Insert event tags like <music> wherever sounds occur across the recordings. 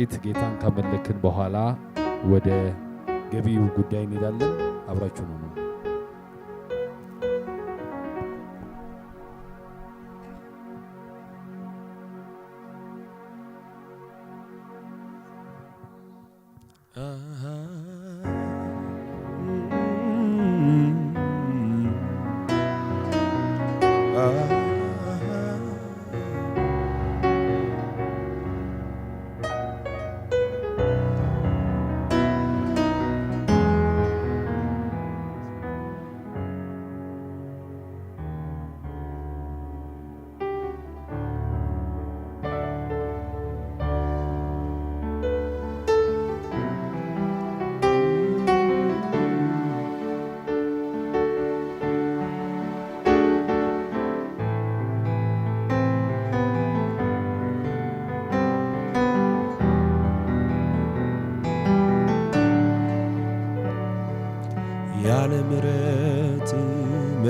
ጥቂት ጌታን ካመለክን በኋላ ወደ ገቢው ጉዳይ እንሄዳለን። አብራችሁ ነው ነው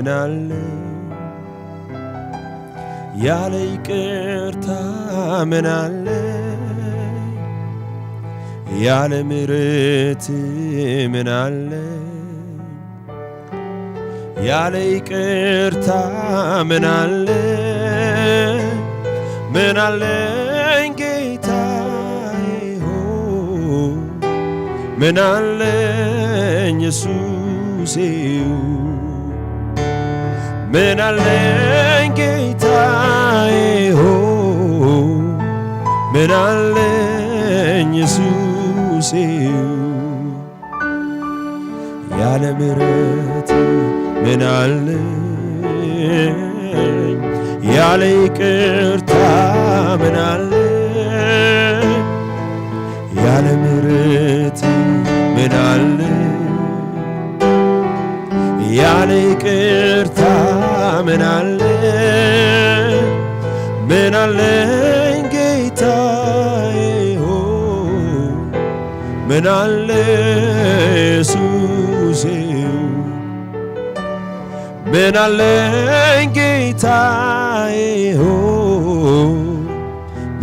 ምን አለ ያለ ይቅርታ ያለ ምሕረት ምን ያለ ይቅርታ ምን ጌታዬ ኢየሱሴው ምን አለኝ ጌታዬ ሆይ ምን አለኝ ኢየሱሴ ያለ ምሕረት ምን አለኝ ያለ ይቅርታ ምን አለ ያለ ምሕረት ምን አለ ያለ ይቅርታ ምን አለ ምን አለኝ ጌታዬ ሆይ ምን አለ ኢየሱሴ ምን አለኝ ጌታዬ ሆይ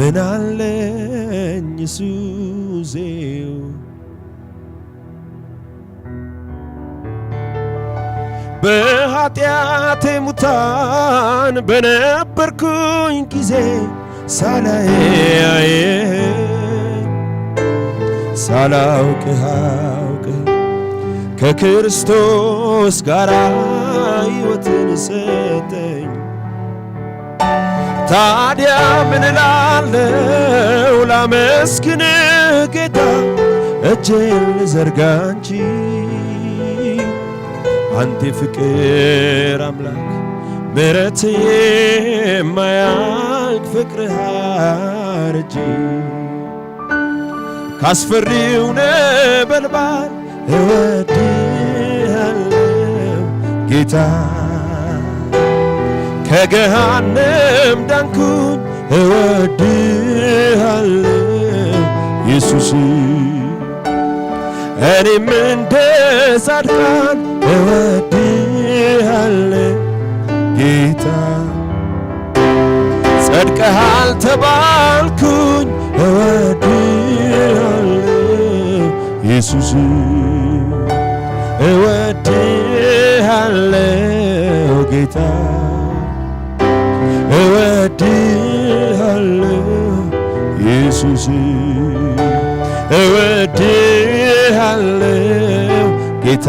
ምን አለኝ ኢየሱሴ በኃጢአቴ ሙታን በነበርኩኝ ጊዜ ሳላያየ ሳላውቅህ አውቅህ ከክርስቶስ ጋር ሕይወትን ሰጠኝ። ታዲያ ምን እላለሁ? ላመስግንህ ጌታ እጄን ልዘርጋ እንጂ አንተ ፍቅር አምላክ ምረት የማያልቅ ፍቅርህ አረጅ ካስፈሪው ነበልባል እወድሃለሁ ጌታ ከገሃነም ዳንኩኝ እወድሃለሁ ኢየሱስ እኔም እንደ ጻድቃን እወድሃለሁ ጌታ ጸድቀሃል ተባልኩኝ እወድሃለሁ ኢየሱስ እወድሃለሁ ጌታ እወድሃለሁ ኢየሱስ እወድሃለሁ ጌታ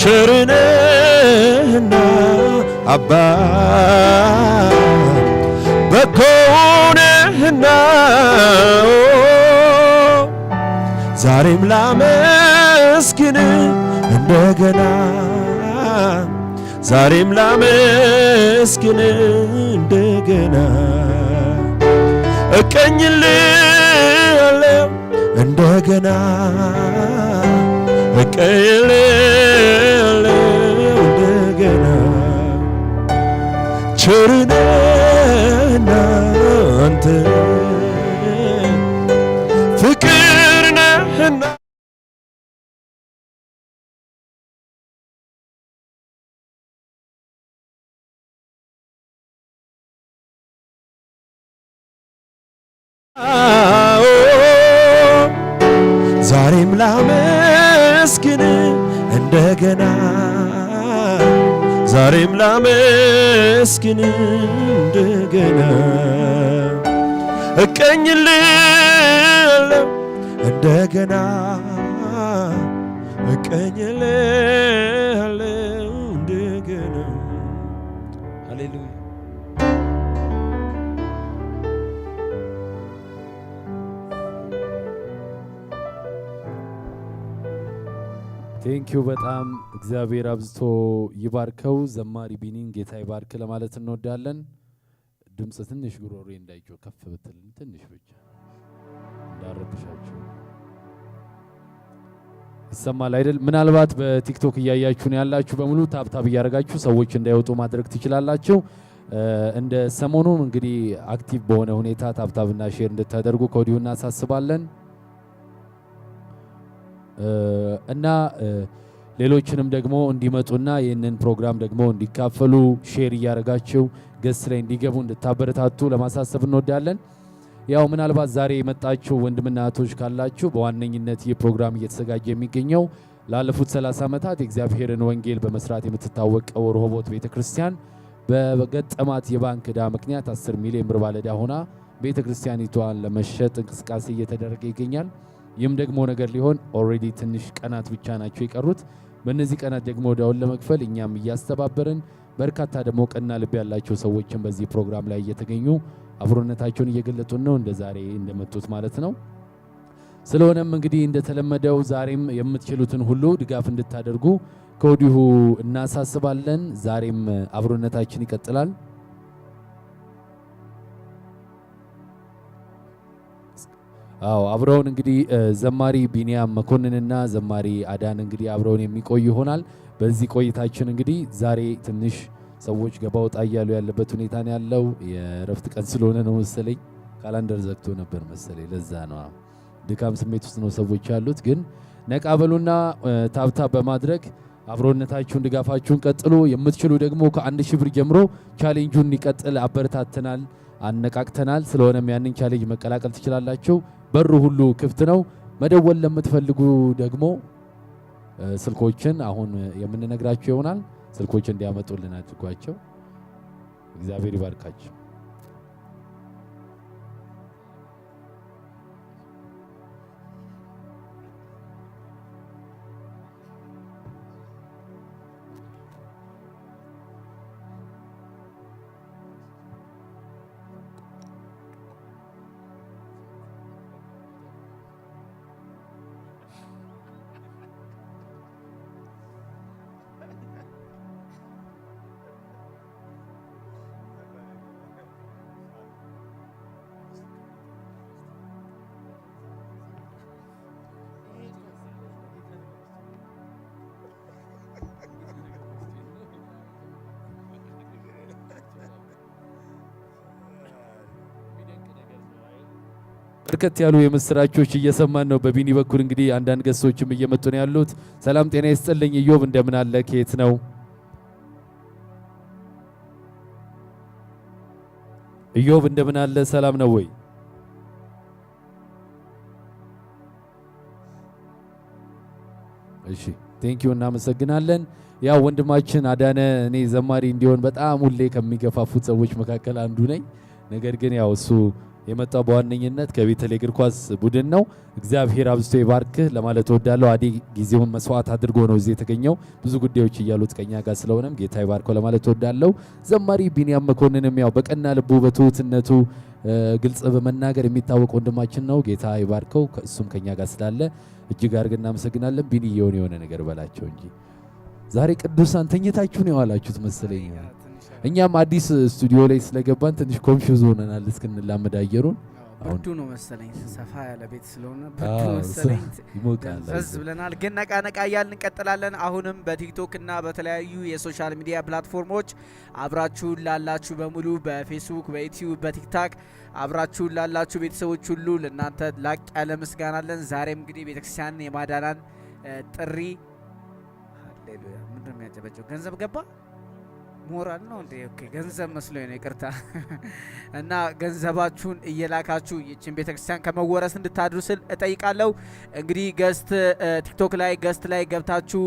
ቸርነህና አባ በጎነህና ዛሬም ላመስግን እንደገና ዛሬም ላመስግን እንደገና እቀኝልህ እንደገና እቀሌለው እንደገና ቸርነት ላመስግን እንደገና እቀኝልህ እንደገና እቀኝልህ ቴንኪው በጣም እግዚአብሔር አብዝቶ ይባርከው። ዘማሪ ቢኒን ጌታ ይባርክ ለማለት እንወዳለን። ድምፅ ትንሽ ጉሮሬ እንዳይጮህ ከፍ ብትል ትንሽ ብቻ እንዳረብሻችሁ ይሰማል አይደል? ምናልባት በቲክቶክ እያያችሁ ያላችሁ በሙሉ ታብታብ እያደረጋችሁ ሰዎች እንዳይወጡ ማድረግ ትችላላችሁ። እንደ ሰሞኑ እንግዲህ አክቲቭ በሆነ ሁኔታ ታብታብና ሼር እንድታደርጉ ከወዲሁ እናሳስባለን። እና ሌሎችንም ደግሞ እንዲመጡና ይህንን ፕሮግራም ደግሞ እንዲካፈሉ ሼር እያደረጋችሁ ገስ ላይ እንዲገቡ እንድታበረታቱ ለማሳሰብ እንወዳለን። ያው ምናልባት ዛሬ የመጣችሁ ወንድምና እህቶች ካላችሁ በዋነኝነት ይህ ፕሮግራም እየተዘጋጀ የሚገኘው ላለፉት 30 ዓመታት የእግዚአብሔርን ወንጌል በመስራት የምትታወቀው ቤተ ቤተክርስቲያን በገጠማት የባንክ ዕዳ ምክንያት 10 ሚሊዮን ብር ባለዳ ሆና ቤተክርስቲያኒቷን ለመሸጥ እንቅስቃሴ እየተደረገ ይገኛል። ይህም ደግሞ ነገር ሊሆን ኦልሬዲ ትንሽ ቀናት ብቻ ናቸው የቀሩት። በእነዚህ ቀናት ደግሞ ዕዳውን ለመክፈል እኛም እያስተባበርን በርካታ ደግሞ ቀና ልብ ያላቸው ሰዎችን በዚህ ፕሮግራም ላይ እየተገኙ አብሮነታቸውን እየገለጡን ነው እንደ ዛሬ እንደመጡት ማለት ነው። ስለሆነም እንግዲህ እንደተለመደው ዛሬም የምትችሉትን ሁሉ ድጋፍ እንድታደርጉ ከወዲሁ እናሳስባለን። ዛሬም አብሮነታችን ይቀጥላል። አዎ አብረውን እንግዲህ ዘማሪ ቢኒያም መኮንንና ዘማሪ አዳን እንግዲህ አብረውን የሚቆዩ ይሆናል። በዚህ ቆይታችን እንግዲህ ዛሬ ትንሽ ሰዎች ገባ ወጣ እያሉ ያለበት ሁኔታ ነው ያለው። የእረፍት ቀን ስለሆነ ነው መሰለኝ ካላንደር ዘግቶ ነበር መሰለኝ። ለዛ ነው ድካም ስሜት ውስጥ ነው ሰዎች ያሉት። ግን ነቃ በሉና ታብታብ በማድረግ አብሮነታችሁን ድጋፋችሁን ቀጥሎ የምትችሉ ደግሞ ከአንድ ሺህ ብር ጀምሮ ቻሌንጁን ይቀጥል አበረታተናል፣ አነቃቅተናል። ስለሆነም ያንን ቻሌንጅ መቀላቀል ትችላላችሁ። በሩ ሁሉ ክፍት ነው። መደወል ለምትፈልጉ ደግሞ ስልኮችን አሁን የምንነግራቸው ይሆናል። ስልኮችን እንዲያመጡልን አድርጓቸው። እግዚአብሔር ይባርካቸው። በርከት ያሉ የምስራቾች እየሰማን ነው። በቢኒ በኩል እንግዲህ አንዳንድ ገሶችም እየመጡ ነው ያሉት። ሰላም ጤና ይስጥልኝ ኢዮብ እንደምን አለ? ከየት ነው ኢዮብ እንደምን አለ? ሰላም ነው ወይ? እሺ ቴንክ ዩ እናመሰግናለን። ያው ወንድማችን አዳነ እኔ ዘማሪ እንዲሆን በጣም ሁሌ ከሚገፋፉት ሰዎች መካከል አንዱ ነኝ። ነገር ግን ያው እሱ የመጣው በዋነኝነት ከቤተል እግር ኳስ ቡድን ነው። እግዚአብሔር አብዝቶ ይባርክ ለማለት እወዳለሁ። አዴ ጊዜውን መስዋዕት አድርጎ ነው እዚህ የተገኘው። ብዙ ጉዳዮች እያሉት ከኛ ጋር ስለሆነም ጌታ ይባርከው ለማለት እወዳለሁ። ዘማሪ ቢንያም መኮንንም ያው በቀና ልቡ በትሁትነቱ ግልጽ በመናገር የሚታወቅ ወንድማችን ነው። ጌታ ይባርከው። እሱም ከኛ ጋር ስላለ እጅግ አድርገን እናመሰግናለን። ቢኒ የሆነ የሆነ ነገር በላቸው እንጂ ዛሬ ቅዱሳን ተኝታችሁ ነው የዋላችሁት መሰለኝ። እኛም አዲስ ስቱዲዮ ላይ ስለገባን ትንሽ ኮንፊውዝ ሆነናል። እስክንላመድ አየሩን ብርዱ ነው መሰለኝ፣ ሰፋ ያለ ቤት ስለሆነ ብርዱ መሰለኝ ይሞቃል ብለናል። ግን ነቃ ነቃ እያል እንቀጥላለን። አሁንም በቲክቶክ እና በተለያዩ የሶሻል ሚዲያ ፕላትፎርሞች አብራችሁን ላላችሁ በሙሉ በፌስቡክ፣ በዩቲዩብ፣ በቲክታክ አብራችሁን ላላችሁ ቤተሰቦች ሁሉ ለእናንተ ላቅ ያለ ምስጋና አለን። ዛሬም እንግዲህ ቤተክርስቲያን የማዳናን ጥሪ ምንድነው የሚያጨበጨው ገንዘብ ገባ ሞራል ነው እንዴ? ኦኬ ገንዘብ መስሎኝ ነው፣ ይቅርታ። <laughs> እና ገንዘባችሁን እየላካችሁ ይችን ቤተክርስቲያን ከመወረስ እንድታድሩ ስል እጠይቃለሁ። እንግዲህ ገስት ቲክቶክ ላይ ገስት ላይ ገብታችሁ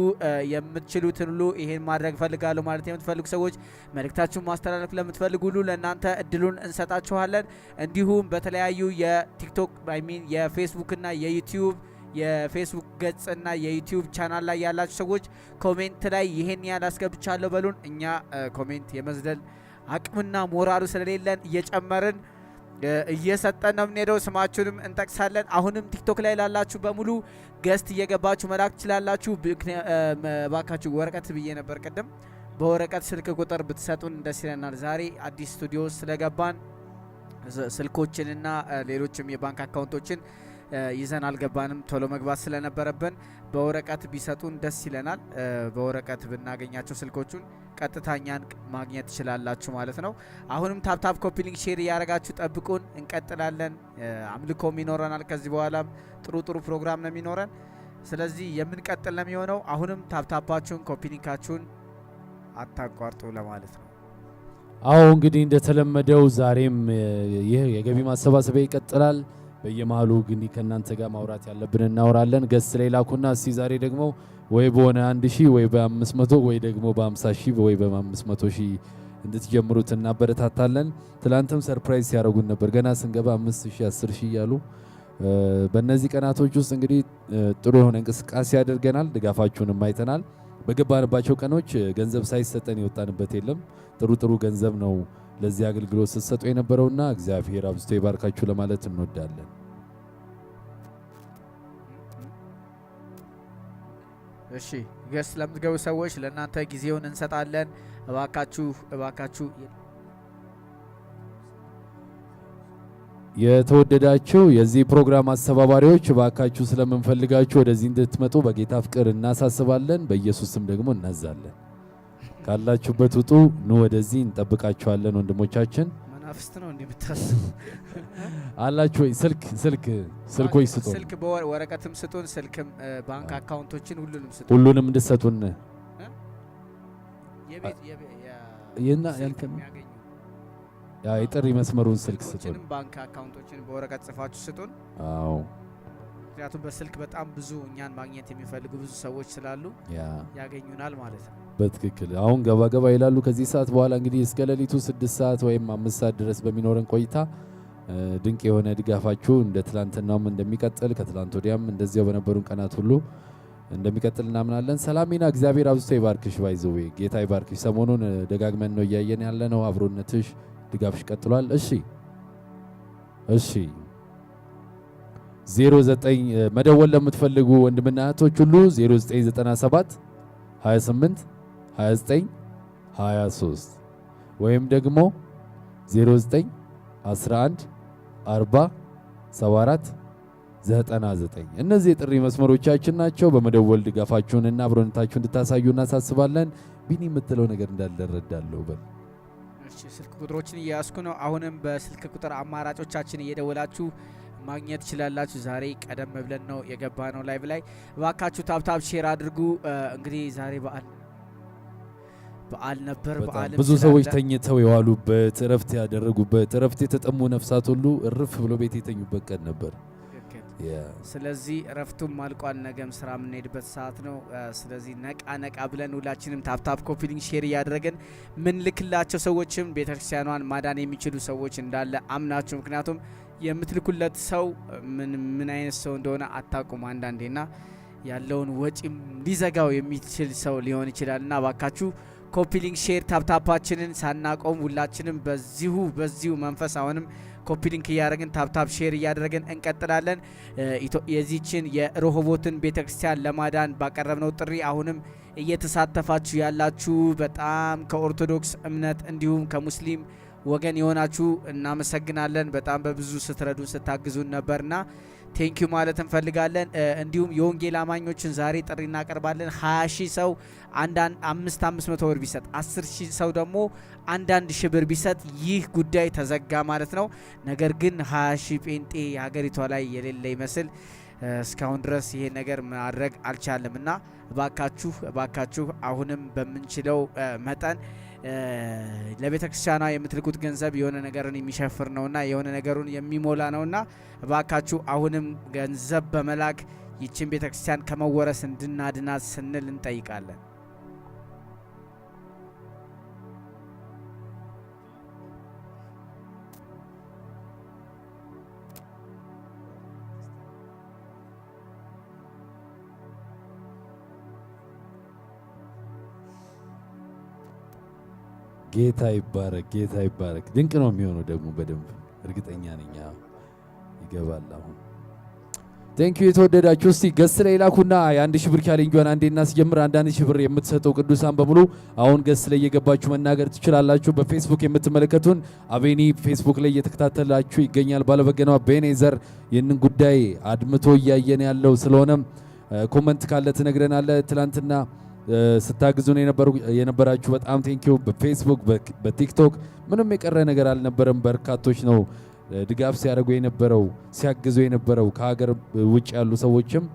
የምትችሉትን ሁሉ ይሄን ማድረግ ፈልጋለሁ ማለት የምትፈልጉ ሰዎች መልእክታችሁን ማስተላለፍ ለምትፈልጉ ሁሉ ለእናንተ እድሉን እንሰጣችኋለን። እንዲሁም በተለያዩ የቲክቶክ አይ ሚን የፌስቡክ እና የዩቲዩብ የፌስቡክ ገጽና የዩቲዩብ ቻናል ላይ ያላችሁ ሰዎች ኮሜንት ላይ ይሄን ያህል አስገብቻለሁ በሉን። እኛ ኮሜንት የመዝለል አቅምና ሞራሉ ስለሌለን እየጨመርን እየሰጠን ነው የምንሄደው። ስማችሁንም እንጠቅሳለን። አሁንም ቲክቶክ ላይ ላላችሁ በሙሉ ገስት እየገባችሁ መላክ ትችላላችሁ። ባካችሁ ወረቀት ብዬ ነበር ቅድም በወረቀት ስልክ ቁጥር ብትሰጡን ደስ ይለናል። ዛሬ አዲስ ስቱዲዮ ስለገባን ስልኮችንና ሌሎችም የባንክ አካውንቶችን ይዘን አልገባንም። ቶሎ መግባት ስለነበረብን በወረቀት ቢሰጡን ደስ ይለናል። በወረቀት ብናገኛቸው ስልኮቹን ቀጥታኛን ማግኘት ትችላላችሁ ማለት ነው። አሁንም ታፕታፕ ኮፒሊንግ ሼር እያደረጋችሁ ጠብቁን። እንቀጥላለን። አምልኮም ይኖረናል። ከዚህ በኋላም ጥሩ ጥሩ ፕሮግራም ነው የሚኖረን። ስለዚህ የምንቀጥል ነው የሚሆነው። አሁንም ታፕታፓችሁን ኮፒሊንካችሁን አታቋርጡ ለማለት ነው። አዎ እንግዲህ እንደተለመደው ዛሬም ይህ የገቢ ማሰባሰቢያ ይቀጥላል። በየመሃሉ ግን ከናንተ ጋር ማውራት ያለብን እናወራለን። ገስ ላይ ላኩና እስቲ ዛሬ ደግሞ ወይ በሆነ 1000 ወይ በ500 ወይ ደግሞ በ50 ወይ በ500 ሺህ እንድትጀምሩት እናበረታታለን። ትላንትም ሰርፕራይዝ ሲያደርጉን ነበር። ገና ስንገባ 5000፣ 10000 እያሉ በእነዚህ ቀናቶች ውስጥ እንግዲህ ጥሩ የሆነ እንቅስቃሴ አድርገናል። ድጋፋችሁንም አይተናል። በገባንባቸው ቀኖች ገንዘብ ሳይሰጠን የወጣንበት የለም። ጥሩ ጥሩ ገንዘብ ነው ለዚህ አገልግሎት ስትሰጡ የነበረውና እግዚአብሔር አብዝቶ ይባርካችሁ ለማለት እንወዳለን። እሺ ገስ ለምትገቡ ሰዎች ለእናንተ ጊዜውን እንሰጣለን። እባካችሁ እባካችሁ የተወደዳችሁ የዚህ ፕሮግራም አስተባባሪዎች እባካችሁ ስለምንፈልጋችሁ ወደዚህ እንድትመጡ በጌታ ፍቅር እናሳስባለን። በኢየሱስም ደግሞ እናዛለን። ካላችሁበት ውጡ፣ ኑ ወደዚህ እንጠብቃችኋለን ወንድሞቻችን። መናፍስት ነው እንዲህ ብታስቡ አላችሁ ወይ? ስልክ ስልክ ስልኮች ስጡን፣ ስልክ በወረቀትም ስጡን፣ ስልክም ባንክ አካውንቶችን ሁሉንም ስጡን፣ ሁሉንም እንድሰጡን የጥሪ መስመሩን ስልክ ስጡን፣ ባንክ አካውንቶችን በወረቀት ጽፋችሁ ስጡን። አዎ ምክንያቱም በስልክ በጣም ብዙ እኛን ማግኘት የሚፈልጉ ብዙ ሰዎች ስላሉ ያገኙናል ማለት ነው። በትክክል አሁን ገባ ገባ ይላሉ። ከዚህ ሰዓት በኋላ እንግዲህ እስከ ሌሊቱ ስድስት ሰዓት ወይም አምስት ሰዓት ድረስ በሚኖረን ቆይታ ድንቅ የሆነ ድጋፋችሁ እንደ ትላንትናውም እንደሚቀጥል ከትላንት ወዲያም እንደዚያው በነበሩን ቀናት ሁሉ እንደሚቀጥል እናምናለን። ሰላሚና እግዚአብሔር አብዝቶ ይባርክሽ። ባይዘዌ ጌታ ይባርክሽ። ሰሞኑን ደጋግመን ነው እያየን ያለ ነው። አብሮነትሽ፣ ድጋፍሽ ቀጥሏል። እሺ እሺ 09 መደወል ለምትፈልጉ ወንድምና እህቶች ሁሉ 0997 28 29 23 ወይም ደግሞ 09 11 40 74 99 እነዚህ የጥሪ መስመሮቻችን ናቸው። በመደወል ድጋፋችሁንና አብሮነታችሁን እንድታሳዩ እናሳስባለን። ቢኒ የምትለው ነገር እንዳልደረዳለሁ በል ስልክ ቁጥሮችን እያያዝኩ ነው። አሁንም በስልክ ቁጥር አማራጮቻችን እየደወላችሁ ማግኘት ትችላላችሁ። ዛሬ ቀደም ብለን ነው የገባ ነው ላይቭ ላይ እባካችሁ ታብታብ ሼር አድርጉ። እንግዲህ ዛሬ በዓል በዓል ነበር። ብዙ ሰዎች ተኝተው የዋሉበት እረፍት ያደረጉበት እረፍት የተጠሙ ነፍሳት ሁሉ እርፍ ብሎ ቤት የተኙበት ቀን ነበር። ስለዚህ እረፍቱም አልቋል። ነገም ስራ የምንሄድበት ሰዓት ነው። ስለዚህ ነቃ ነቃ ብለን ሁላችንም ታፕታፕ ኮፒሊንግ ሼር እያደረገን ምን ልክላቸው ሰዎችም ቤተክርስቲያኗን ማዳን የሚችሉ ሰዎች እንዳለ አምናችሁ ምክንያቱም የምትልኩለት ሰው ምን አይነት ሰው እንደሆነ አታውቁም። አንዳንዴና ያለውን ወጪም ሊዘጋው የሚችል ሰው ሊሆን ይችላልና ባካችሁ ኮፒሊንግ ሼር ታፕታፓችንን ሳናቆም ሁላችንም በዚሁ በዚሁ መንፈስ አሁንም ኮፒሊንክ እያደረግን ታፕታፕ ሼር እያደረግን እንቀጥላለን። የዚችን የረሆቦትን ቤተክርስቲያን ለማዳን ባቀረብነው ጥሪ አሁንም እየተሳተፋችሁ ያላችሁ በጣም ከኦርቶዶክስ እምነት እንዲሁም ከሙስሊም ወገን የሆናችሁ እናመሰግናለን። በጣም በብዙ ስትረዱን ስታግዙን ነበርና ቴንኪዩ ማለት እንፈልጋለን። እንዲሁም የወንጌል አማኞችን ዛሬ ጥሪ እናቀርባለን። 20 ሺህ ሰው አንዳንድ 500 ብር ቢሰጥ፣ 10 ሺህ ሰው ደግሞ አንዳንድ ሺህ ብር ቢሰጥ ይህ ጉዳይ ተዘጋ ማለት ነው። ነገር ግን 20 ሺህ ጴንጤ የሀገሪቷ ላይ የሌለ ይመስል እስካሁን ድረስ ይሄ ነገር ማድረግ አልቻለም እና እባካችሁ እባካችሁ አሁንም በምንችለው መጠን ለቤተ ክርስቲያኗ የምትልኩት ገንዘብ የሆነ ነገርን የሚሸፍር ነውና የሆነ ነገሩን የሚሞላ ነውና እባካችሁ አሁንም ገንዘብ በመላክ ይችን ቤተ ክርስቲያን ከመወረስ እንድናድናት ስንል እንጠይቃለን። ጌታ ይባረክ፣ ጌታ ይባረክ። ድንቅ ነው የሚሆነው ደግሞ በደንብ እርግጠኛ ነኝ ይገባል። አሁን ቴንኪ የተወደዳችሁ እስቲ ገስ ላይ ላኩና የአንድ ሺህ ብር ቻሌንጇን አንዴ እናስጀምር። አንዳንድ ሺህ ብር የምትሰጠው ቅዱሳን በሙሉ አሁን ገስ ላይ እየገባችሁ መናገር ትችላላችሁ። በፌስቡክ የምትመለከቱን አቤኒ ፌስቡክ ላይ እየተከታተላችሁ ይገኛል። ባለበገናው ቤኔዘር ይህንን ጉዳይ አድምቶ እያየን ያለው ስለሆነም ኮመንት ካለ ትነግረናለ ትላንትና ስታግዙን የነበራችሁ በጣም ቴንኪዩ። በፌስቡክ በቲክቶክ ምንም የቀረ ነገር አልነበረም። በርካቶች ነው ድጋፍ ሲያደርጉ የነበረው ሲያግዙ የነበረው ከሀገር ውጭ ያሉ ሰዎችም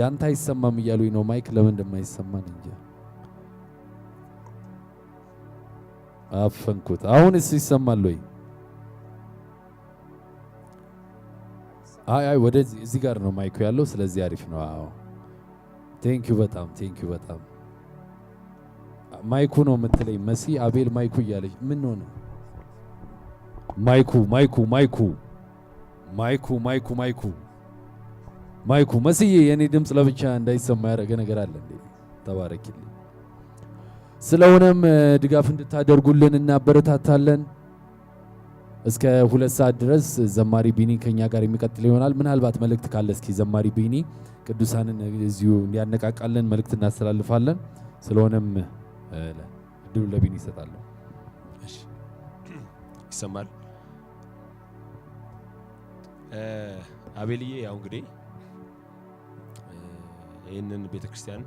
ያንተ አይሰማም ነው። ማይክ ለምን እንደማይሰማን እንጂ አፈንኩት። አሁንስ ይሰማል ወይ? አይ አይ፣ ወደዚህ እዚህ ጋር ነው ማይኩ ያለው። ስለዚህ አሪፍ ነው። አዎ ቴንክ ዩ በጣም ቴንክ በጣም ማይኩ ነው የምትለኝ መሲ አቤል ማይኩ እያለች ምን ሆነ? ማይኩ ማይኩ ማይኩ ማይኩ ማይኩ ማይኩ ማይኩ መስዬ የኔ ድምፅ ለብቻ እንዳይሰማ ያደረገ ነገር አለ እንዴ? ተባረኪልኝ። ስለሆነም ድጋፍ እንድታደርጉልን እናበረታታለን። እስከ ሁለት ሰዓት ድረስ ዘማሪ ቢኒ ከኛ ጋር የሚቀጥል ይሆናል። ምናልባት መልእክት ካለ እስኪ ዘማሪ ቢኒ ቅዱሳንን እዚሁ እንዲያነቃቃለን መልእክት እናስተላልፋለን። ስለሆነም እድሉ ለቢኒ ይሰጣለሁ። ይሰማል። አቤልዬ ያው እንግዲህ ይህንን ቤተክርስቲያን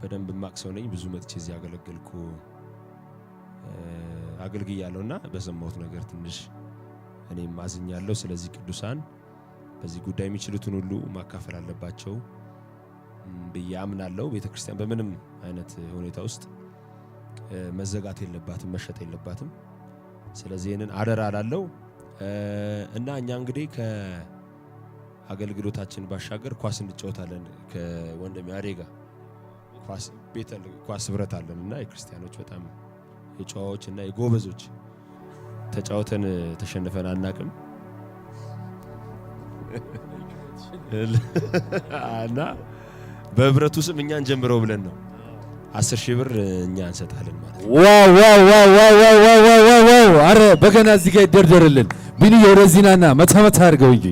በደንብ ማቅ ሰው ነኝ። ብዙ መጥቼ እዚህ ያገለገልኩ አገልግያለሁ እና በሰማሁት ነገር ትንሽ እኔም አዝኛለሁ። ስለዚህ ቅዱሳን በዚህ ጉዳይ የሚችሉትን ሁሉ ማካፈል አለባቸው ብዬ አምናለሁ። ቤተ ክርስቲያን በምንም አይነት ሁኔታ ውስጥ መዘጋት የለባትም፣ መሸጥ የለባትም። ስለዚህ ይህንን አደራ አላለው እና እኛ እንግዲህ ከአገልግሎታችን ባሻገር ኳስ እንጫወታለን ከወንድም ያሬ ኳስ ቤተል ኳስ ህብረት አለን እና የክርስቲያኖች በጣም የጨዋዎች እና የጎበዞች ተጫውተን ተሸንፈን አናቅም እና በህብረቱ ስም እኛን ጀምረው ብለን ነው አስር ሺህ ብር እኛ እንሰጣለን ማለት አረ በገና እዚህ ጋር ይደርደርልን ቢኒ የወደዚናና መታመታ አድርገው እንጂ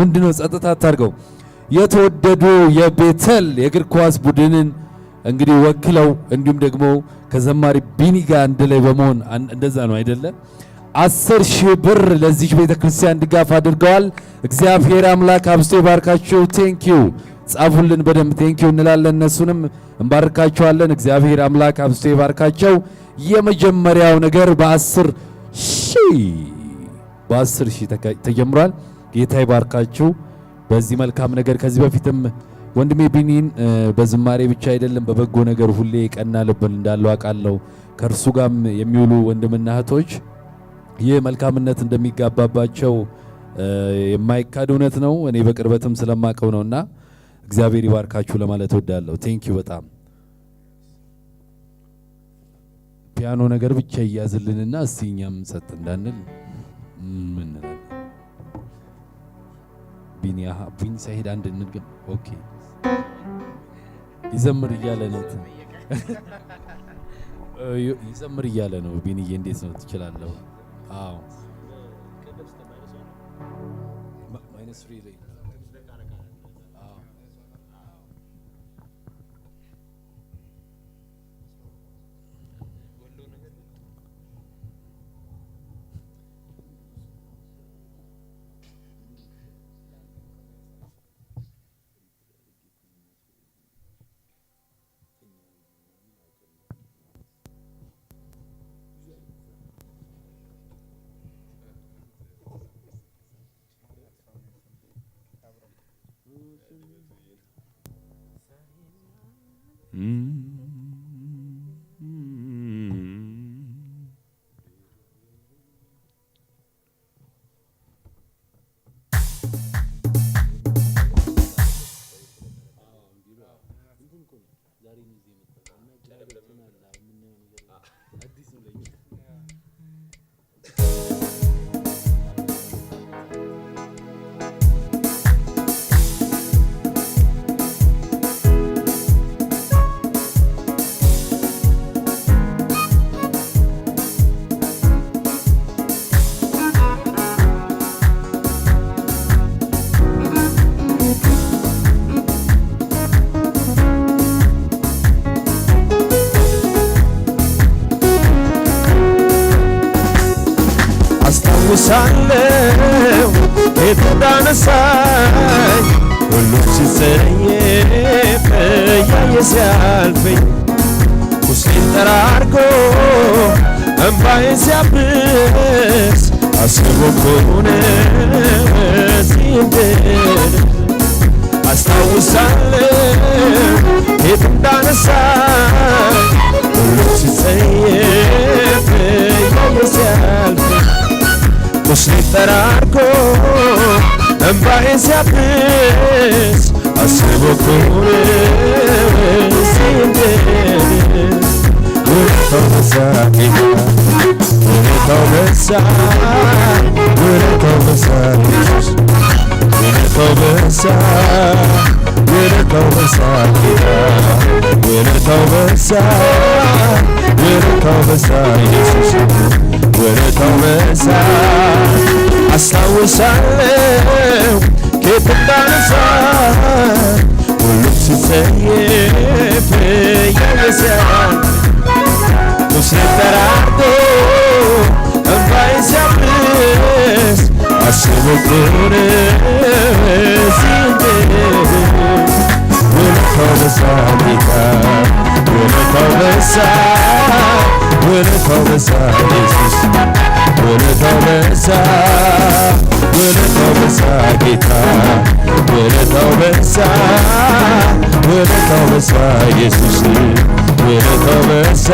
ምንድነው ጸጥታ አታድርገው የተወደዱ የቤተል የእግር ኳስ ቡድንን እንግዲህ ወክለው እንዲሁም ደግሞ ከዘማሪ ቢኒ ጋር አንድ ላይ በመሆን እንደዛ ነው አይደለ? አስር ሺህ ብር ለዚህ ቤተ ክርስቲያን ድጋፍ አድርገዋል። እግዚአብሔር አምላክ አብስቶ ይባርካችሁ። ቴንኪዩ ጻፉልን በደንብ ቴንኪዩ እንላለን። እነሱንም እንባርካቸዋለን። እግዚአብሔር አምላክ አብስቶ ይባርካቸው። የመጀመሪያው ነገር በአስር ሺህ በአስር ሺህ ተጀምሯል። ጌታ ይባርካችሁ በዚህ መልካም ነገር ከዚህ በፊትም ወንድሜ ቢኒን በዝማሬ ብቻ አይደለም በበጎ ነገር ሁሌ ቀና ልብ እንዳለው አውቃለሁ። ከእርሱ ጋም የሚውሉ ወንድምና እህቶች ይህ መልካምነት እንደሚጋባባቸው የማይካድ እውነት ነው። እኔ በቅርበትም ስለማቀው ነውና እግዚአብሔር ይባርካችሁ ለማለት እወዳለሁ። ቴንኪዩ በጣም ፒያኖ ነገር ብቻ ይያዝልንና እስቲ እኛም ሰጥ እንዳንል ምን ቢኒ ሰሄድ አንድ እንድግም ኦኬ ይዘምር እያለ ነው ይዘምር እያለ ነው። ቢንዬ እንዴት ነው ትችላለህ? አዎ ሳለው የተዳነሳኝ ሁሉም ሲጸየፍ እያየ ሲያልፈኝ ውስጤን ጠራርጎ እምባዬን ሲያብስ አስቦ ከሆነ እዚህ አስታውሳለሁ የት እንዳነሳኝ ሁሉም ሲጸየፍ እያየ ሲያልፈኝ você largou Ambas e apes A ser louco por eles We're gonna conversate, we're gonna conversate, vira gonna conversate, we're gonna conversate, we're gonna conversate puede conversar hasta un saber que te pasa con Lucifer y ya desea no separarte al país y abres así me quiere sin te puede conversar mi cara puede conversar ውለታው በዛ ኢየሱስ ውለታው በዛ ውለታው በዛ ጌታ ውለታው በዛ ውለታው በዛ ኢየሱስ ውለታው በዛ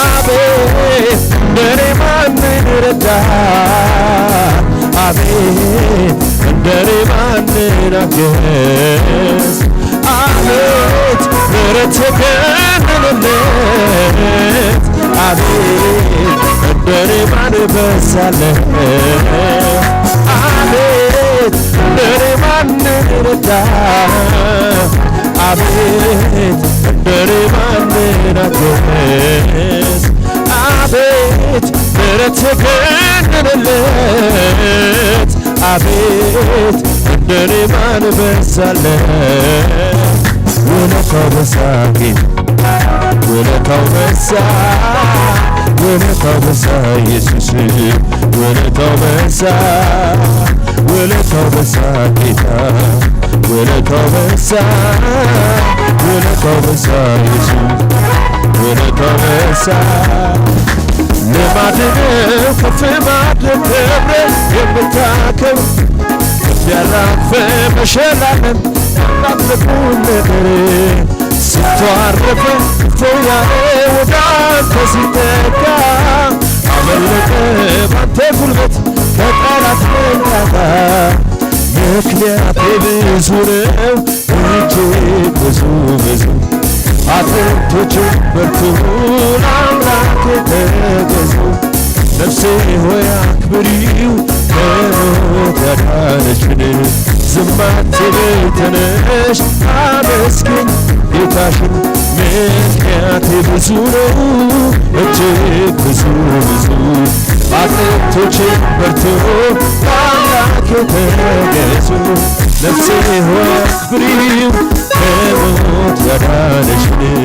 አቤት እንደኔ ማንን ረዳህ አቤት እንደኔ ማንን አገዝ ቤት ምሕረት የቀረበለት አቤት እንደኔ ማን በዛለ አቤት እንደኔ ማን ረዳ አቤት እንደኔ ማን ናገስ አቤት ምሕረት አቤት ማን በዛለት We're conversar We're conversar We're conversar Yesus'u We're conversar We're conversar Kita We're conversar We're conversar Yesus We're conversar ልማድን ከፍ ማድረግ ክብርን የምታክም ያላፈ መሸላለን አምላኩን ነገር ስንቱ አረፈ ክፉ ያለ ወደ ሲጠጋ አመለጠ ባንተ ጉልበት ከጠላት መንጋጋ ምክንያቴ ብዙ ነው እጅግ ብዙ ብዙ አጥንቶቹ በርቱ አምላኬ ተገዙ ነፍሴ ሆይ አክብሪው ከሞት ያዳነችን ዝማቴን ተነሽ አመስግን ጌታሽን ምክንያቴ ብዙ ነው እጅግ ብዙ ብዙ አጥንቶቼ በርቶ ባላክ ተገዙ ነፍሴ ሆይ አክብሪው ከሞት ያዳነችን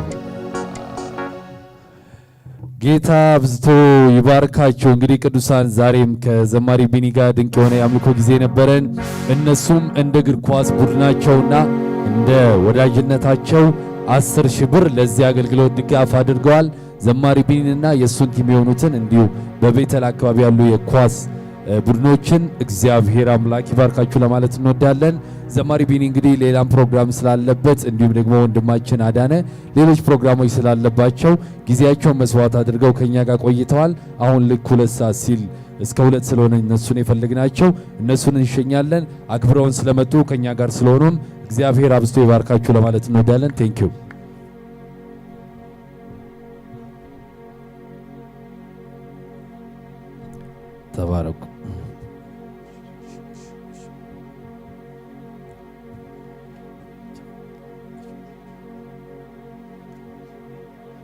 ጌታ አብዝቶ ይባርካቸው። እንግዲህ ቅዱሳን ዛሬም ከዘማሪ ቢኒ ጋር ድንቅ የሆነ የአምልኮ ጊዜ ነበረን። እነሱም እንደ እግር ኳስ ቡድናቸውና እንደ ወዳጅነታቸው አስር ሺህ ብር ለዚህ አገልግሎት ድጋፍ አድርገዋል። ዘማሪ ቢኒንና የእሱን ቲም የሆኑትን እንዲሁ በቤተል አካባቢ ያሉ የኳስ ቡድኖችን እግዚአብሔር አምላክ ይባርካችሁ ለማለት እንወዳለን። ዘማሪ ቢኒ እንግዲህ ሌላም ፕሮግራም ስላለበት እንዲሁም ደግሞ ወንድማችን አዳነ ሌሎች ፕሮግራሞች ስላለባቸው ጊዜያቸውን መስዋዕት አድርገው ከኛ ጋር ቆይተዋል። አሁን ልክ ሁለት ሰዓት ሲል እስከ ሁለት ስለሆነ እነሱን የፈለግናቸው እነሱን እንሸኛለን። አክብረውን ስለመጡ ከኛ ጋር ስለሆኑም እግዚአብሔር አብዝቶ ይባርካችሁ ለማለት እንወዳለን። ቴንኪዩ ተባረኩ።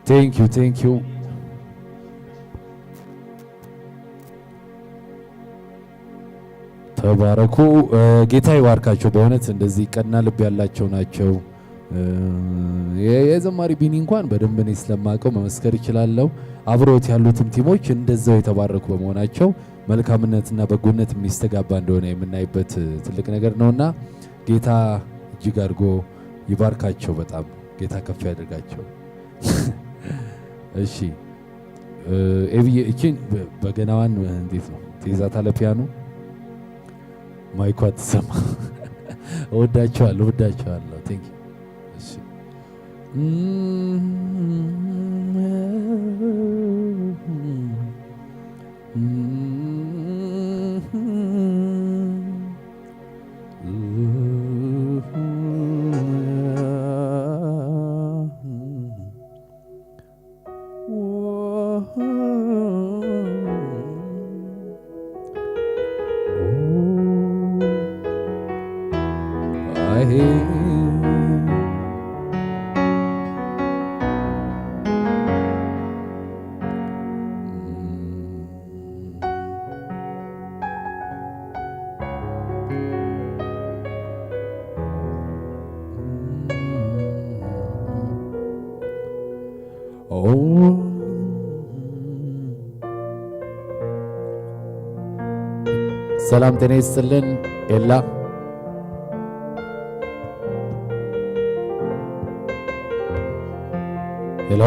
Thank you, thank you. ተባረኩ። ጌታ ይባርካቸው። በእውነት እንደዚህ ቀና ልብ ያላቸው ናቸው። የዘማሪ ቢኒ እንኳን በደንብ እኔ ስለማውቀው መመስከር ይችላለሁ። አብሮት ያሉትም ቲሞች እንደዛው የተባረኩ በመሆናቸው መልካምነትና በጎነት የሚስተጋባ እንደሆነ የምናይበት ትልቅ ነገር ነውና ጌታ እጅግ አድርጎ ይባርካቸው። በጣም ጌታ ከፍ ያደርጋቸው። <laughs> እሺ ኤብዬ እቺን በገናዋን እንዴት ነው ትይዛታ? ለፒያኖ ማይኳ ትሰማ። እወዳቸዋለሁ፣ እወዳቸዋለሁ። ቴንክ ዩ እሺ Mm-hmm. ሰላም ጤና ይስጥልን። ኤላ ሄሎ